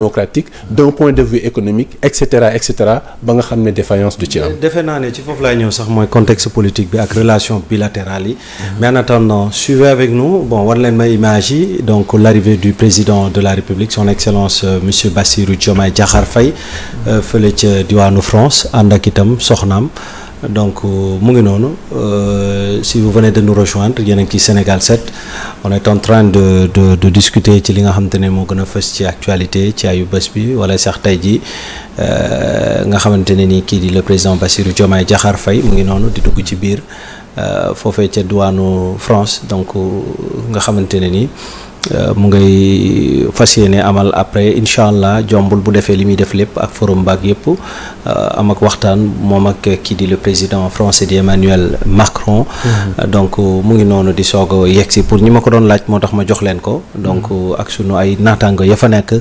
démocratique d'un point de vue économique et cetera et cetera ba nga xam ne défaillance du ci am. Euh, defe naa ne ci foofu laay ñëw sax mooy contexte politique bi ak relation bilatérale yi. Mm-hmm. mais en attendant suivez avec nous bon war leen ma image yi donc l'arrivée du président de la République son excellence euh, monsieur Bassirou Diomaye Diakhar fay euh, fële ca diwaanu France ànd ak itam soxnaam. donc euh, mu ngi noonu euh, si vous venez de nous rejoindre yéen a ngi ci Sénégal set on est en train de de de ci li nga xamante ne moo gën a fës ci actualité ci ayu bés bi wala sax tey jii euh, nga xamante ne ni kii di le président Bassirou Diomaye Diakhar fay mu ngi noonu di dugg ci biir foofee ca duwaanu France donc nga xamante ne nii Euh, mu ngay fas yéene amal après incha allah jombul bu defee li muy def lépp ak forum mbaag yëpp euh, am ak waxtaan moom ak kii di le président français di Emmanuel Macron. Mm-hmm. Euh, donc mu ngi noonu di soog a yegg si pour ñi ma ko doon laaj moo tax ma jox leen ko. donc mm-hmm. ak sunu ay naataango ya fa nekk.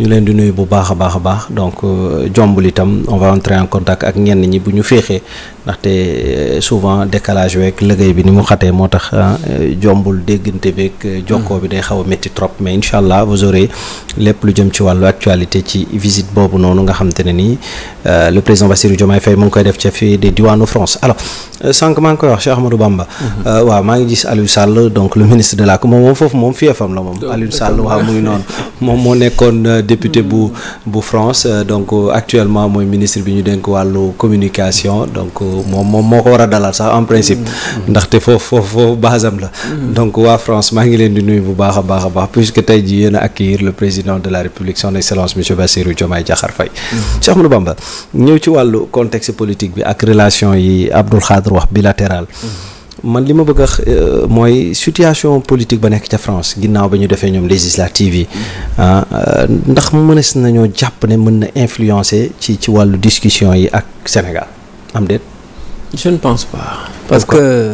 ñu leen di nuyu bu baax a baax a baax donc jombul itam on va en contact ak ñenn ñi bu ñu féexee. ndaxte euh, souvent décalage week liggéey bi ni mu xatee moo tax euh, jombul déggante beeg euh, jokkoo bi day xaw a métti trop mais incha allah vous aurez lépp lu jëm ci wàllu actualité ci visite boobu noonu nga xam te ne nii Euh, le président Bassirou Diomaye Faye mu ngi koy def ca fii di diwaanu France alors euh, sànq maa ngi koy wax Cheikh Ahmadou Bamba. Mhm. Euh, waaw maa ngi gis Aliou Sall donc le ministre de la com foofu moom fiefam la moom. Aliou Sall waaw muy noonu moom moo nekkoon député bu mhm. bu France donc actuellement mooy ministre bi ñu dénk wàllu communication donc moom moom moo ko war a dalal sax en principe. Mhm. ndaxte foofu foofu foofu basam la. donc waa France maa ngi leen di nuyu bu baax a baax a baax puisque tey jii yéen a accueillir le président de la République son excellence monsieur Bassirou Diomaye Diakhar Faye. Cheikh Ahmadou Bamba. ñëw ci wàllu contexte politique bi ak relation yi Abdoul Khadr wax bilatéral man li ma bëgg a euh, mooy situation politique ba nekk ca France ginnaaw ba ñu defee ñoom législative yi ah, euh, ndax mënees nañoo jàpp ne mën na influencer ci ci wàllu discussion yi ak Sénégal am déet pense pas parce que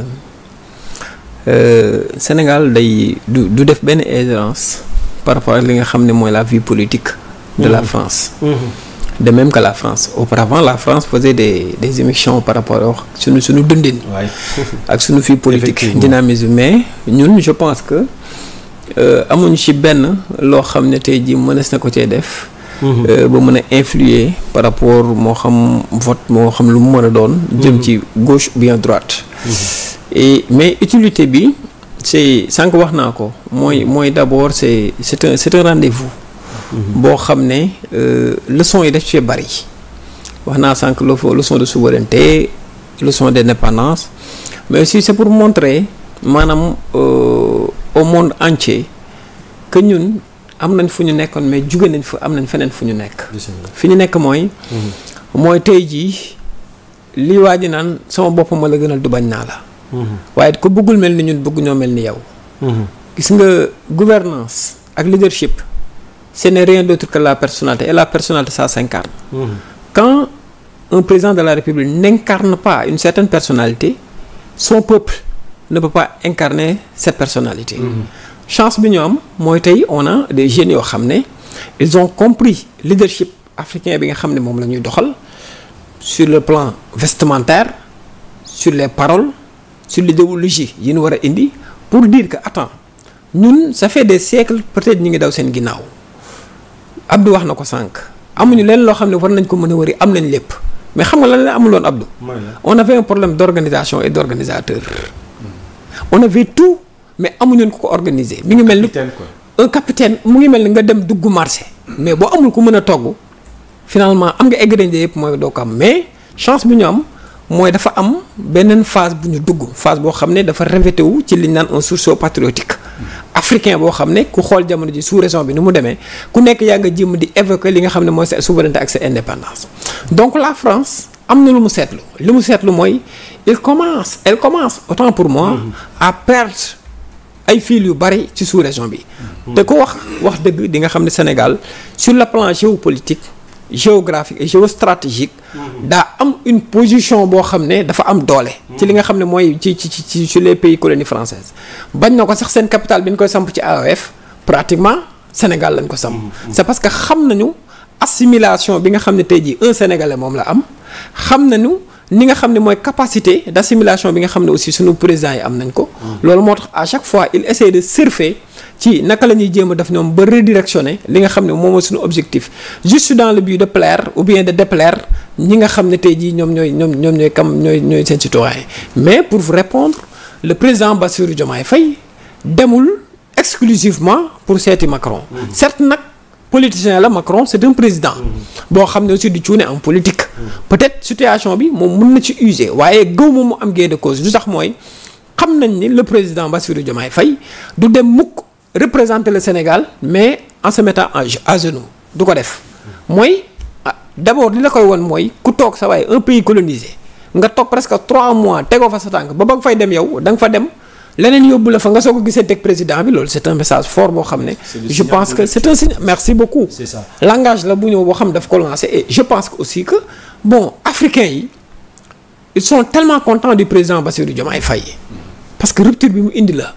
euh, Sénégal day du du def benn ingérence par rapport ak li nga xam ne mooy la vie politique de la mmh. France mmh. de même que la France auparavant la France faisait des des émissions par rapport wax suñu suñu dundin. ak suñu fii politique dynamisme mais ñun je pense que euh, amuñu ci benn loo xam ne tey jii mënees na ko cee def. Mhm. Euh, ba mën a influer par rapport moo xam vote moo xam lu mu mën a doon. jëm mhm. ci gauche ou bien droite. Mhm. et mais utilité bi c'est cinq wax naa ko mooy mooy d'abord c'est c'est un c'est un rendez boo xam ne euh, leçon yi daf cee bari wax naa sànq leçon de souveraineté leçon d'indépendance mais aussi c'est pour montrer maanaam euh, au monde entier que ñun am nañ fu ñu nekkoon mais jóge nañ fu am nañ feneen fu ñu nekk. fi ñu nekk mooy. Mhm. mooy tey jii li waa ji naan sama bopp ma la gënal du bañ naa la. Mhm. waaye ko bëggul mel ni ñun bëgg ñoo mel ni yow. Mhm. gis nga gouvernance ak leadership. ce n'est rien d'autre que la personnalité et la personnalité ça s'incarne mmh. quand un président de la République n'incarne pas une certaine personnalité son peuple ne peut pas incarner cette personnalité mmh. chance bi ñu am mooy tey on a des jeunes yoo xam ne ils ont compris leadership africain bi nga xam ne moom la ñuy doxal sur le plan vestimentaire sur les paroles sur l'idéologie yi ñu war a indi pour diir que attends ñun ça fait des siècles peut-être ñu ngi daw seen ginnaaw Abdou wax na ko sànq amuñu leen loo xam ne war nañ ko mën a wëri am nañ lépp mais xam nga lan la amuloon Abdou. on avait un problème d' organisation et d' organisateur. Hmm. on avait tout mais amuñu ko ko organiser. mi ngi mel ni un capitaine mu ngi mel ni nga dem dugg marché. mais boo amul ku mën a togg finalement am nga ingrédients yëpp mooy doo ko am mais chance bi ñu am mooy dafa am beneen phase bu ñu dugg phase boo xam ne dafa revêté wu ci li ñu naan un sursaut patriotique. africain boo xam ne ku xool jamono ji sous-région bi ni mu demee ku nekk yaa nga jëm di évoquer li nga xam ne mooy sa souveraineté ak sa indépendance donc la France am na lu mu seetlu li mu seetlu mooy il commence elle commence autant pour moi mm-hmm. à perdre ay fil yu bari ci sous-région bi mm-hmm. te ko wax wax dëgg di nga xam ne Sénégal sur le plan géopolitique géographique et géostratégique mhm. daa am une position boo xam ne dafa am doole mhm. ci li nga xam ne mooy ci ci ci ci les pays colonies bañ na ko sax seen capital bi koy samp ci e pratiquement Sénégal lañ ko samp mhm. c'est parce que xam nañu assimilation bi nga xam ne tey jii un Sénégalais moom la am xam na nañu ni nga xam ne mooy capacité d'assimilation bi nga xam ne aussi sunu président yi am nañ ko loolu moo tax à chaque fois il essaie de surfer ci naka la ñuy jéem a def ñoom ba redirectionner li nga xam ne moom mooy suñu objectif juste dans le but de plaire ou bien de déplaire ñi nga xam ne tey jii ñoom ñooy ñoom ñoom ñooy kam ñooy ñooy seen citoyen mais pour vous répondre le président Bassirou Diomaye Faye demul exclusivement pour seeti Macron mmh. certes nag politicien la Macron c'est un président mmh. boo xam ne aussi du cuune en politique mmh. peut-être situation bi moom mun na ci user waaye gëw moom mu am gain de cause tax mooy xam nañ ni le président Bassirou Diomaye Faye représenter le Sénégal mais en se mettant à genoux du ko def mooy ah, d'abord li la koy won mooy ku toog sa waaye un pays colonisé nga toog presque trois mois tegoo fa sa tànk ba ba nga fay dem yow da nga fa dem leneen yóbbu la fa nga soo ko gisee teg président bi loolu c'est un message fort boo xam ne je pense que c'est un signe merci beaucoup c'est ça langage la bu ñëw boo xam daf ko lancé et je pense que aussi que bon africains yi ils sont tellement contents du président Bassirou Diomaye Faye parce que rupture bi mu indi la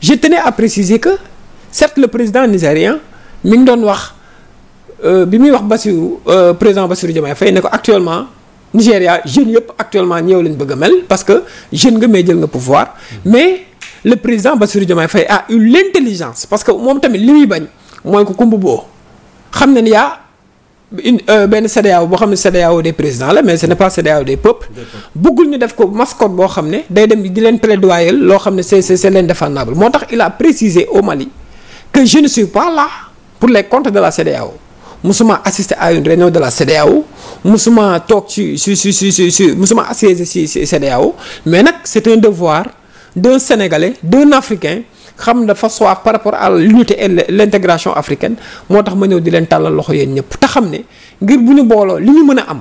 je tenais à préciser que certes le président nigérien mi ngi doon wax euh, bi muy wax Bassirou euh, président Bassirou Diomaye fay ne ko actuellement Nigéria jeune yëpp actuellement ñëw lañ bëgg a mel parce que jeune nga may jël nga pouvoir hmm. mais le président Bassirou Diomaye Faye a eu l' intelligence parce que moom tamit li muy bañ mooy ko kumb boo xam ne ni yaa une euh, benn CEDEAO boo xam ne CEDEAO des présidents la mais ce n'est pas CEDEAO des peuples. buggul ñu def ko mascotte boo xam ne day dem di leen plaidoyer loo xam ne c'est c'est l'indéfendable moo tax il a précisé au Mali que je ne suis la là pour les comptes de la CEDEAO musuma assister à une réunion de la CEDEAO musuma toog si ci ci ci ci musuma assister ci CEDEAO mais nag c'est un devoir d'un Sénégalais d'un Africain. xam dafa soif par rapport à l'unité et l'intégration africaine moo tax ma ñëw di leen tàllal loxo yéen ñëpp te xam ne ngir bu ñu booloo li ñu mën a am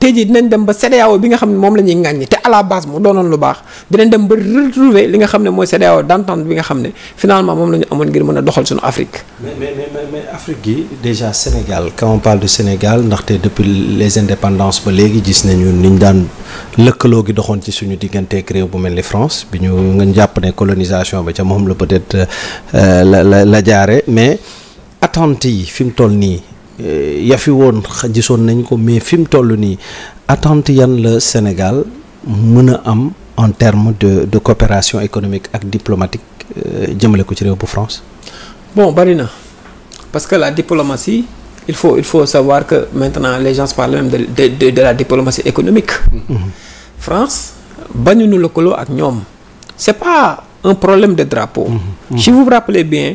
tey jii dinañ dem ba CEDEAO bi nga xam ne moom la ñuy ŋàññi te à la base mu doonoon lu baax dinañ dem ba retrouver li nga xam ne mooy CEDEAO d'entente bi nga xam ne finalement moom la ñu amoon ngir mën a doxal suñu Afrique. mais mais mais Afrique gi déjà Sénégal quand on parle de Sénégal ndaxte depuis les indépendances ba léegi gis nañu ni ñu daan lëkkaloo gi doxoon ci suñu digganteeg réew bu mel ni France bi ñu nga jàpp ne colonisation ba ca moom la peut-être euh, la la la jaare mais attente yi fi mu toll nii. Eh, yafi woon gisoon nañ ko mais fi mu toll nii attente yan la Sénégal mën a am en terme de de coopération économique ak diplomatique eh, jëmale ko ci réew bu France. bon bari na parce que la diplomatie il faut il faut savoir que maintenant les gens parlent même de de de, de la diplomatie économique. Mhm. France bañu ñu lëkkaloo ak ñoom. c'est pas un problème de drapeau. Mmh. Mmh. si bien.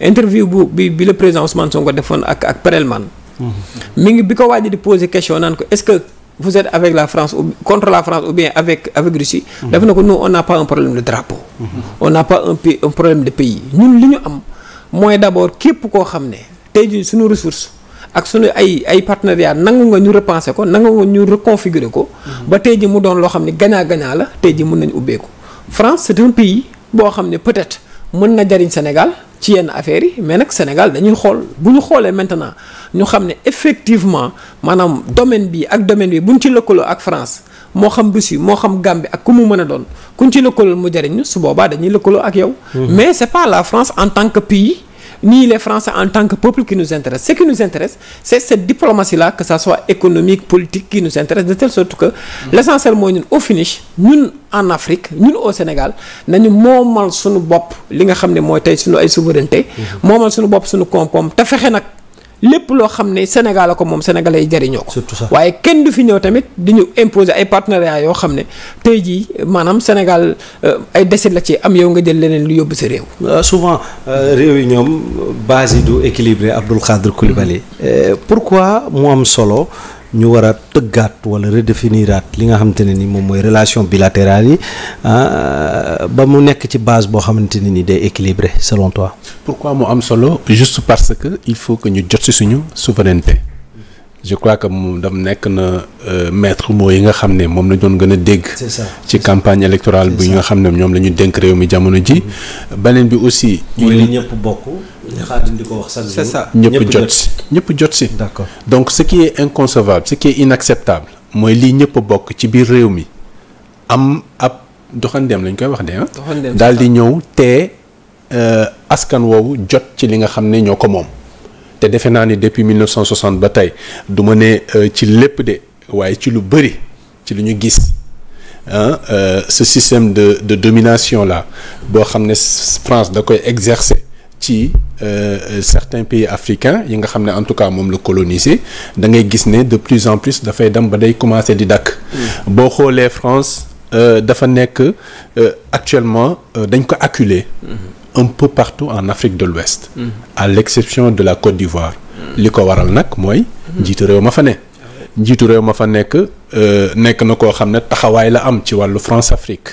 interview bu bi bi le président Ousmane Sonko defoon ak ak Perelman mhm. mi ngi bi ko waaj di poser question naan ko est-ce que vous êtes avec la France ou contre la France ou bien avec avec Russie mhm. daf na ko nous on pas un problème de drapeau mhm. on li ñu am mooy d'abord képp koo xam ne tey ji suñu ressource ak suñu ay ay partenariat nangu nga ñu repenser ko nangu nga ñu reconfigurer ko ba tey ji mu doon loo xam ne gagnant-gagnant la tey ji mën nañu ubbeeku France c'est un pays boo xam ne peut-être mën na jariñ Sénégal ci yenn affaires yi mais nag Sénégal dañuy xool bu ñu xoolee maintenant ñu xam ne effectivement maanaam domaine bi ak domaine bi buñ ci lëkkaloo ak France moo xam Russie moo xam Gambie ak ku mu mën a doon kuñ ci lëkkaloo mu jëriñ ñu su boobaa dañuy lëkkaloo ak yow. Mm-hmm. mais c'est pas la France en tant que pays. nii les Français en tant que peuple qui nous intéresse. Ce qui nous intéresse, c'est cette diplomatie-là, que ça soit économique, politique, qui nous intéresse, de telle sorte que l'essentiel, mooy ñun au finish ñun en Afrique ñun au Sénégal na nañu moomal suñu bopp li nga xam ne mooy tey suñu ay souveraineté. Mhm. moomal suñu bopp suñu koom-koom te fexe nag. lépp loo xam ne Sénégal la ko moom sénégalais yi jëriñoo ko. waaye kenn du fi ñëw tamit di ñu imposer ay partenariats yoo xam ne tey jii maanaam Sénégal euh, ay desit la ci am yow nga jël leneen lu yóbbu sa réew. Euh, souvent euh, réew yi ñoom base yi du équilibré Abdoul Khadr pour quoi mu am solo. ñu war a tëggaat wala redéfiniraat li nga xamante ne ni moom mooy relation bilatérale yi ah, ba mu nekk ci base boo xamante ne ni day équilibré selon toi. pourquoi mu am solo juste parce que il faut que ñu jot si suñu souveraineté. je crois que moom dam nekk na euh, maître moo yi nga xam ne moom la doon gën a dégg ci campagne électorale bi nga xam ne ñoom la ñu dénk réew mi jamono ji beneen bi aussi mooy li ñëpp bokk xaadim di ko wax chaque jour. c'est ça ñëpp jot si ñëpp jot si. donc ce qui est inconcevable ce qui est inacceptable mooy lii ñëpp bokk ci biir réew mi am ab doxandeem lañ koy wax de ah. doxandeem daal di ñëw te euh, askan woowu jot ci li nga xam ne ñoo ko moom. te defe naa ni depuis 1960 ba tey du ma ne euh, ci lépp de waaye ci lu bëri ci lu ñu gis ah ce système de de domination la boo xam ne France da koy exercer. ci euh, euh, certains pays africains yi nga xam ne en tout cas moom la colonisé da ngay gis ne de plus en plus dafay dem ba day commencé di dakk mm. boo xoolee France euh, dafa nekk actuellement dañ ko acculé mm-hmm. un peu partout en Afrique de l'Ouest mm-hmm. à l'exception de la Côte d'Ivoire mm. li ko waral nag mooy mm-hmm. njiitu réew ma fa ne njiitu réew ma fa nekk nekk na koo xam ne taxawaay la am ci wàllu France Afrique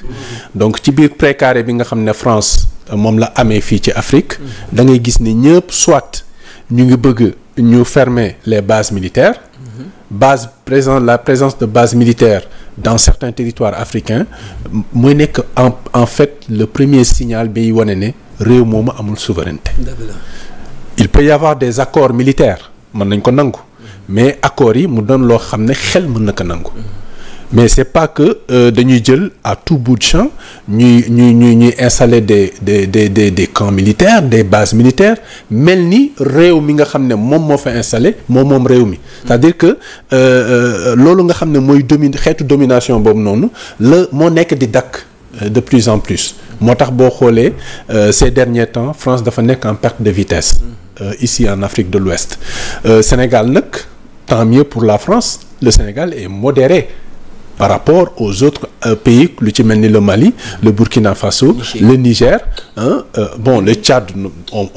donc ci biir précaré bi nga xam ne France moom la amee fii ci Afrique da ngay gis ni ñëpp soit ñu ngi bëgg ñu fermer les bases militaires base présent la présence de bases militaires dans certains territoires africains mooy nekk en en fait le premier signal bi wane ne réew moomu amul souveraineté il peut y des accords militaires mën nañ ko nangu mais accords yi mu doon loo xam ne xel mën na ko nangu mais c'est pas que euh, dañuy jël à tout bout de ñu ñu ñu ñuy ñuy installer des des des des des camps militaires des bases militaires mel ni réew mi nga xam ne moom moo fa installé moom moom réew mi c'est-à-dire que euh, euh, loolu nga xam ne mooy domin xeetu domination boobu noonu la moo nekk di dakk euh, de plus en plus moo tax boo xoolee ces derniers temps France dafa nekk en perte de vitesse euh, ici en Afrique de l'Ouest Sénégal nag temps mieux pour la France le Sénégal est modéré par rapport aux autres euh, pays lu ci mel ni le Mali le Burkina Faso le Niger hein, euh, le Tchad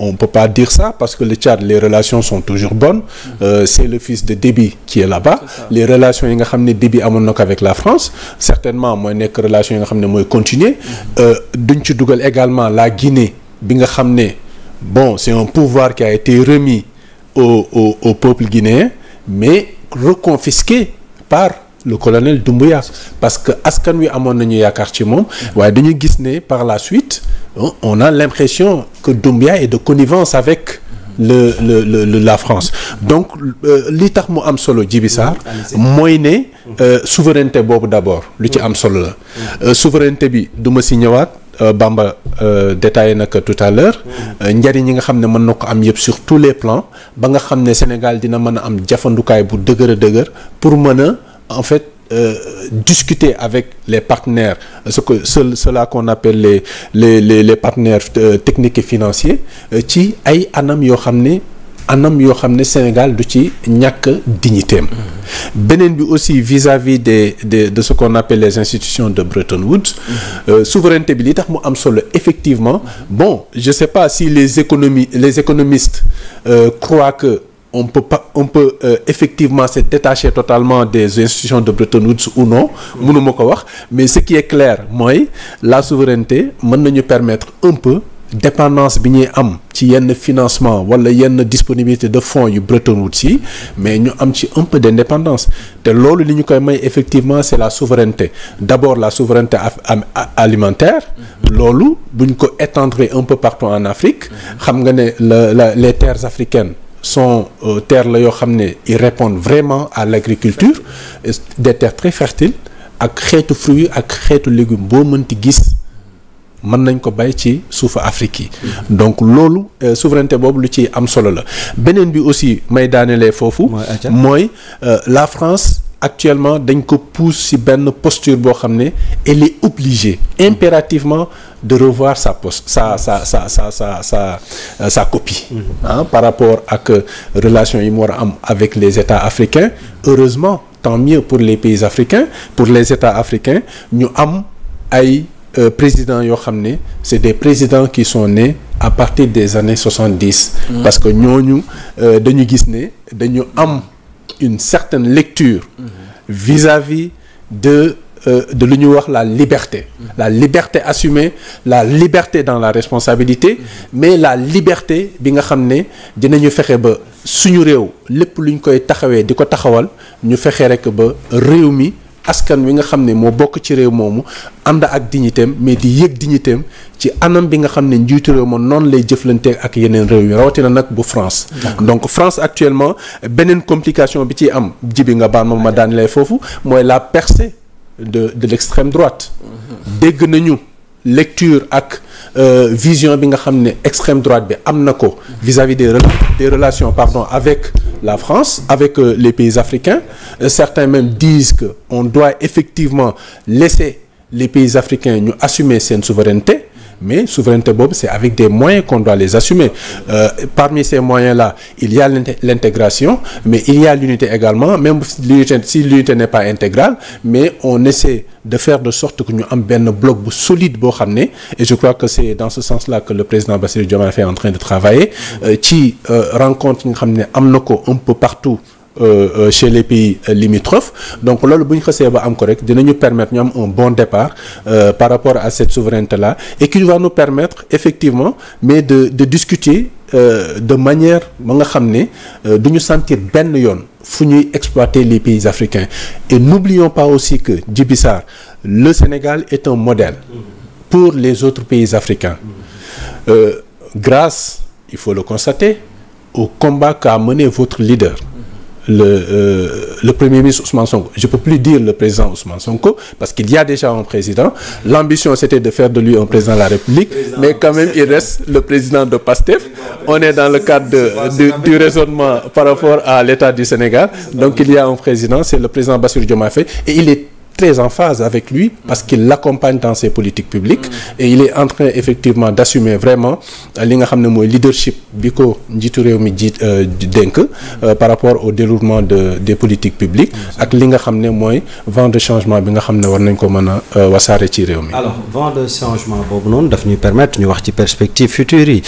on peut pas dire ça parce que le Tchad les relations sont toujours bonnes mm. euh, c'est le fils de Déby qui est là-bas les relations yi nga xam ne Déby amoon na ko avec la France certainement mooy nekk relation yi nga xam ne mooy continuer mm. euh, duñ ci dugal également la Guinée bi nga xam ne bon c'est un pouvoir qui a été remis au peuple guinéen mais reconfisqué par le colonel Doumbouya parce que askan wi amoon nañu yaakaar ci moom waaye dañu gis ne par la suite on a l'impression que Doumbouya est de connivence avec le le le, le la France donc euh, li tax mu am solo Djibi Sarr mooy ne euh, souveraineté boobu d'abord lu ci am solo la euh, souveraineté bi duma si ñëwaat Bamba détaillé nag tout à l'heure njariñ yi nga xam ne mën na ko am yëpp sur tous les plans ba nga xam ne Sénégal dina mën a am jafandukaay bu dëgër a dëgër pour mën a en fait euh, discuter avec les partenaires ce que ce, cela qu'on appelle les les les les euh, techniques et euh, ci ay anam yoo xam ne anam yoo xam ne Sénégal du ci ñàkk dignitéem mmh. beneen bi aussi vis-à-vis des de ce qu'on appelle les institutions de Bretton Woods mmh. euh, bi li tax mu am solo effectivement bon je sais pas si les économies les économistes euh, croient que on peut pas on peut euh, effectivement se détacher totalement des institutions de Bretton Woods ou non mënuma ko wax mais ce qui est clair mooy la souveraineté mën nañu permettre un peu dépendance bi ñuy am ci yenn financement wala yenn disponibilité de fonds yu Bretton Woods yi mais ñu am ci un peu d'indépendance te loolu li ñu koy may effectivement c'est la souveraineté d'abord la souveraineté alimentaire loolu buñ ko étendre un peu partout en Afrique xam nga ne la les terres africaines son euh, terres la yoo xam ne ils répondent vraiment à l'agriculture des terres très fertiles ak xeetu fruits ak xeetu légumes boo mënti gis mën nañ ko bay ci suufa Afrique yi donc loolu euh, souveraineté boobu lu ci am solo la beneen bi aussi may daanelee foofu mooy euh, la France actuellement dañ ko pousse si benn posture boo xam ne elle est obligée impérativement de revoir sa poste sa sa sa sa sa sa euh, copie mm-hmm. par rapport ak euh, relation yi mu war a am avec les États africains heureusement tant mieux pour les pays africains pour les États africains ñu am ay euh, présidents yoo xam ne c'est des présidents qui sont nés à partir des années soixante-dix mm-hmm. parce que ñooñu dañu gis ne dañu am une certaine lecture vis-à-vis de euh, de lu ñu wax la liberté la liberté assumée la liberté dans la responsabilité mais la liberté bi nga xam ne dinañu fexe ba suñu réew lépp luñ koy taxawee di ko taxawal ñu fexe rek ba réew mi askan wi nga xam ne moo bokk ci réew moomu ànd ak dignitéem mais di yëg dignitéem ci anam bi nga xam ne njiitu réew ma noonu lay jëflante ak yeneen réew yi rawatina nag bu France. donc France actuellement beneen complication bi ci am jibi nga baal ma ma daan lay foofu mooy la percée de de l'extrême droite. Mhm. dégg nañu. lecture ak euh, vision bi nga xam ne extrême droite bi am na ko vis-à-vis des des relations avec la France avec euh, les pays africains euh, certains même disent que on doit effectivement laisser les pays africains ñu assumer seen souveraineté mais souveraineté boobu c'est avec des moyens qu'on doit les assumer euh, parmi ces moyens là il y a l'intégration mais il y a l'unité également même l'unité si l'unité n'est pas intégrale mais on essaie de faire de sorte que ñu am benn bloc bu solide boo xam ne et je crois que c'est dans ce sens-là que le président Bassirou Diomaye Faye est en train de travailler euh, ci euh, rencontre yi nga xam ne am na ko un peu partout Euh, euh, chez les pays limitrophes donc loolu bu ñu xasee ba am ko rek dinañu permettre ñu am un bon départ euh, par rapport à cette souveraineté là et qui va nous permettre effectivement mais de de discuter euh, de manière ba nga xam ne euh, du ñu sentir benn yoon fu ñuy exploiter les pays africains et n'oublions pas aussi que Djibi le Sénégal est un modèle pour les autres pays africains euh, grâce il faut le constater au combat qu'a mené votre leader le euh, le premier ministre Ousmane Sonko je peux plus dire le président Ousmane Sonko parce qu'il y a déjà un président l'ambition c'était de faire de lui un président de la République président mais quand même il reste le président de PASTEF on est dans le cadre de, du, du raisonnement par rapport à l'État du Sénégal donc il y a un président c'est le président Bassirou Diomaye Faye et il est très en phase avec lui parce qu'il l'accompagne dans ses politiques publiques mm. et il est en effectivement d'assumer vraiment euh, li nga xam ne mooy leadership bi ko njiitu réew mi jiit euh, dénk euh, par rapport au déroulement de des politiques publiques mm. ak li nga xam ne mooy vent de changement bi nga xam ne war nañ ko mën a wasaare ci réew mi alors vent de changement boobu noonu daf ñuy permettre ñu wax ci perspective future yi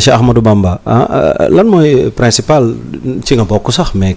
Cheikh Ahmadou Bamba ah, lan mooy principal ci nga bokk sax mais